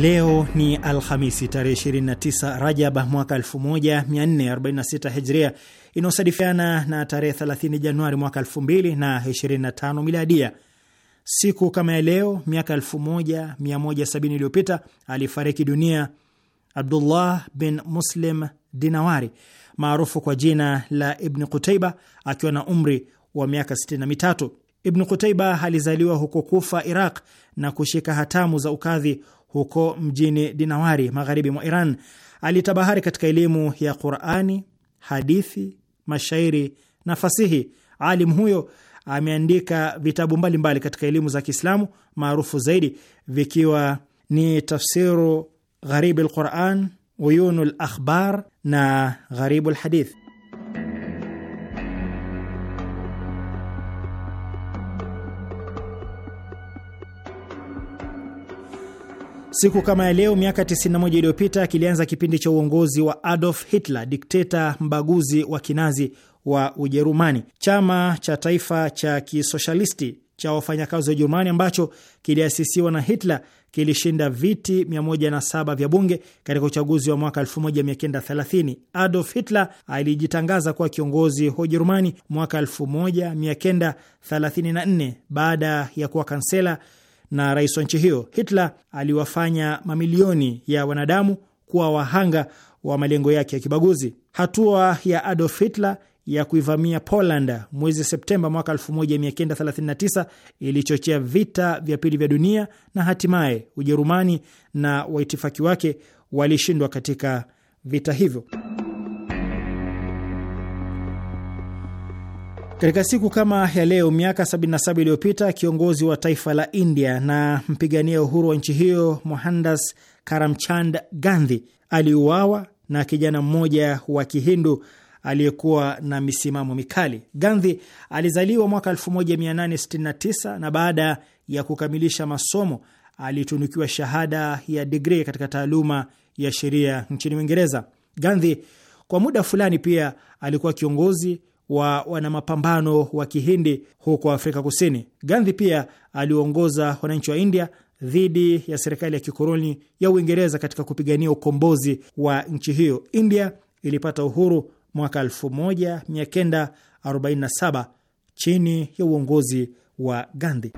Leo ni Alhamisi tarehe 29 Rajab mwaka 1446 Hijria, inayosadifiana na tarehe 30 Januari mwaka 2025 Miladia. Siku kama ya leo miaka 1170 iliyopita alifariki dunia Abdullah bin Muslim Dinawari maarufu kwa jina la Ibni Qutaiba akiwa na umri wa miaka 63. ibnu Qutaiba alizaliwa huko Kufa, Iraq, na kushika hatamu za ukadhi huko mjini Dinawari, magharibi mwa Iran. Alitabahari katika elimu ya Qurani, hadithi, mashairi na fasihi. Alim huyo ameandika vitabu mbalimbali mbali katika elimu za Kiislamu, maarufu zaidi vikiwa ni Tafsiru Gharibi lquran, Uyunu lakhbar na Gharibu lhadith. Siku kama ya leo miaka 91 iliyopita kilianza kipindi cha uongozi wa Adolf Hitler, dikteta mbaguzi wa kinazi wa Ujerumani. Chama cha taifa cha kisoshalisti cha wafanyakazi wa Ujerumani ambacho kiliasisiwa na Hitler kilishinda viti 107 vya bunge katika uchaguzi wa mwaka 1930. Adolf Hitler alijitangaza kuwa kiongozi wa Ujerumani mwaka 1934 baada ya kuwa kansela na rais wa nchi hiyo. Hitler aliwafanya mamilioni ya wanadamu kuwa wahanga wa malengo yake ya kibaguzi. Hatua ya Adolf Hitler ya kuivamia Poland mwezi Septemba mwaka 1939 ilichochea vita vya pili vya dunia na hatimaye Ujerumani na waitifaki wake walishindwa katika vita hivyo. Katika siku kama ya leo miaka 77 iliyopita kiongozi wa taifa la India na mpigania uhuru wa nchi hiyo Mohandas Karamchand Gandhi aliuawa na kijana mmoja wa Kihindu aliyekuwa na misimamo mikali. Gandhi alizaliwa mwaka 1869 na baada ya kukamilisha masomo alitunukiwa shahada ya digrii katika taaluma ya sheria nchini Uingereza. Gandhi kwa muda fulani pia alikuwa kiongozi wa wanamapambano wa Kihindi huko Afrika Kusini. Gandhi pia aliongoza wananchi wa India dhidi ya serikali ya kikoloni ya Uingereza katika kupigania ukombozi wa nchi hiyo. India ilipata uhuru mwaka 1947 chini ya uongozi wa Gandhi.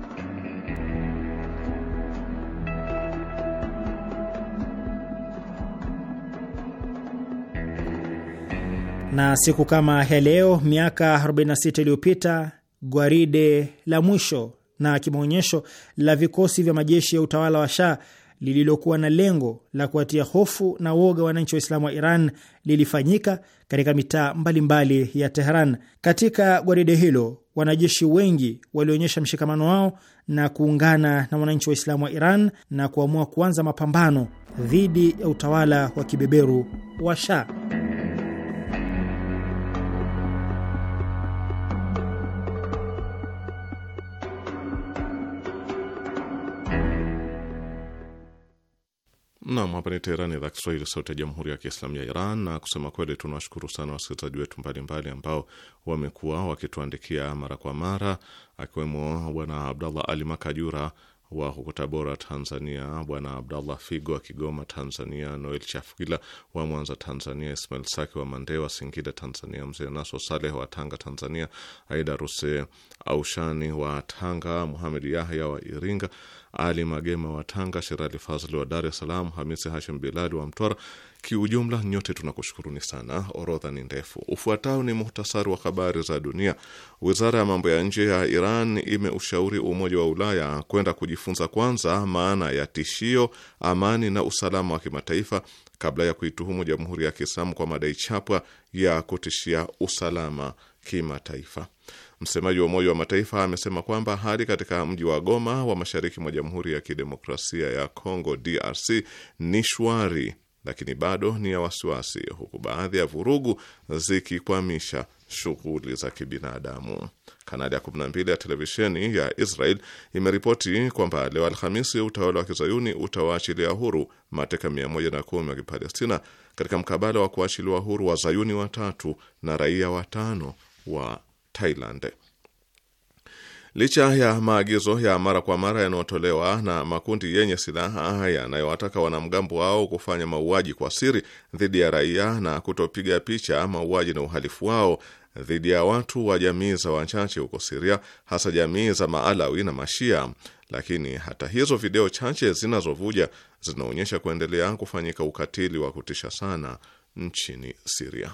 Na siku kama ya leo miaka 46 iliyopita gwaride la mwisho na kimaonyesho la vikosi vya majeshi ya utawala wa Shah lililokuwa na lengo la kuwatia hofu na woga wananchi wa Islamu wa Iran lilifanyika katika mitaa mbalimbali ya Tehran. Katika gwaride hilo, wanajeshi wengi walionyesha mshikamano wao na kuungana na wananchi wa Islamu wa Iran na kuamua kuanza mapambano dhidi ya utawala wa kibeberu wa Shah. Nam, hapa ni Teherani, idhaa Kiswahili, sauti ya jamhuri ya kiislamu ya Iran. Na kusema kweli, tunawashukuru sana wasikilizaji wetu mbalimbali ambao wamekuwa wakituandikia mara kwa mara, akiwemo Bwana Abdallah Ali Makajura wa huko Tabora, Tanzania, Bwana Abdallah Figo wa Kigoma, Tanzania, Noel Chafila wa Mwanza, Tanzania, Ismail Saki wa Mandewa, Singida, Tanzania, Mzee Naso Saleh wa Tanga, Tanzania, Aida Ruse Aushani wa Tanga, Muhamed Yahya wa Iringa, ali Magema wa Tanga, Sherali Fazli wa Dar es Salaam, Hamisi Hashim Bilali wa Mtwara. Kiujumla nyote tunakushukuruni sana. Orodha ni ndefu. Ufuatao ni muhtasari wa habari za dunia. Wizara ya mambo ya nje ya Iran imeushauri Umoja wa Ulaya kwenda kujifunza kwanza maana ya tishio amani na usalama wa kimataifa kabla ya kuituhumu Jamhuri ya Kiislamu kwa madai chapwa ya kutishia usalama kimataifa. Msemaji wa Umoja wa Mataifa amesema kwamba hadi katika mji wa Goma wa mashariki mwa Jamhuri ya Kidemokrasia ya Kongo, DRC, ni shwari, lakini bado ni ya wasiwasi, huku baadhi ya vurugu zikikwamisha shughuli za kibinadamu. Kanali ya 12 ya televisheni ya Israel imeripoti kwamba leo Alhamisi utawala wa kizayuni utawaachilia huru mateka 110 wa Kipalestina katika mkabala wa kuachiliwa huru wa zayuni watatu na raia watano wa Thailand. Licha ya maagizo ya mara kwa mara yanayotolewa na makundi yenye silaha yanayowataka wanamgambo wao kufanya mauaji kwa siri dhidi ya raia na kutopiga picha mauaji na uhalifu wao dhidi ya watu wa jamii za wachache huko Siria, hasa jamii za Maalawi na Mashia. Lakini hata hizo video chache zinazovuja zinaonyesha kuendelea kufanyika ukatili wa kutisha sana nchini Siria.